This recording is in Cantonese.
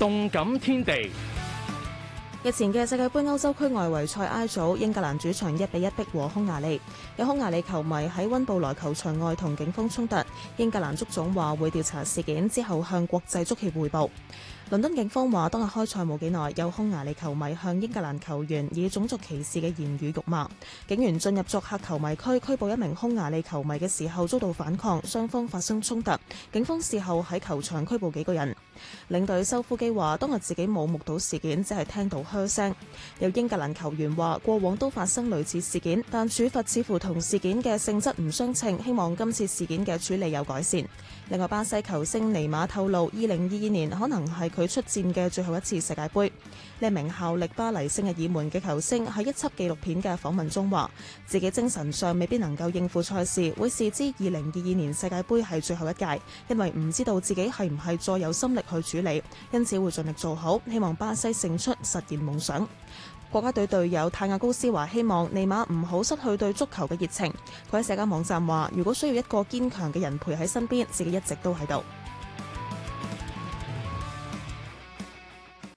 動感天地。日前嘅世界盃歐洲區外圍賽 I 組，英格蘭主場一比一逼和匈牙利，有匈牙利球迷喺溫布萊球場外同警方衝突，英格蘭足總話會調查事件，之後向國際足協匯報。倫敦警方話，當日開賽冇幾耐，有匈牙利球迷向英格蘭球員以種族歧視嘅言語辱罵。警員進入作客球迷區，拘捕一名匈牙利球迷嘅時候遭到反抗，雙方發生衝突。警方事後喺球場拘捕幾個人。領隊修夫基話，當日自己冇目睹事件，只係聽到噓聲。有英格蘭球員話過往都發生類似事件，但處罰似乎同事件嘅性質唔相稱，希望今次事件嘅處理有改善。另外，巴西球星尼馬透露2022年可能係佢。佢出戰嘅最後一次世界杯，呢名效力巴黎聖日耳門嘅球星喺一輯紀錄片嘅訪問中話，自己精神上未必能夠應付賽事，會視之二零二二年世界杯係最後一屆，因為唔知道自己係唔係再有心力去處理，因此會盡力做好，希望巴西勝出，實現夢想。國家隊隊友泰亞高斯話：希望尼馬唔好失去對足球嘅熱情。佢喺社交網站話：如果需要一個堅強嘅人陪喺身邊，自己一直都喺度。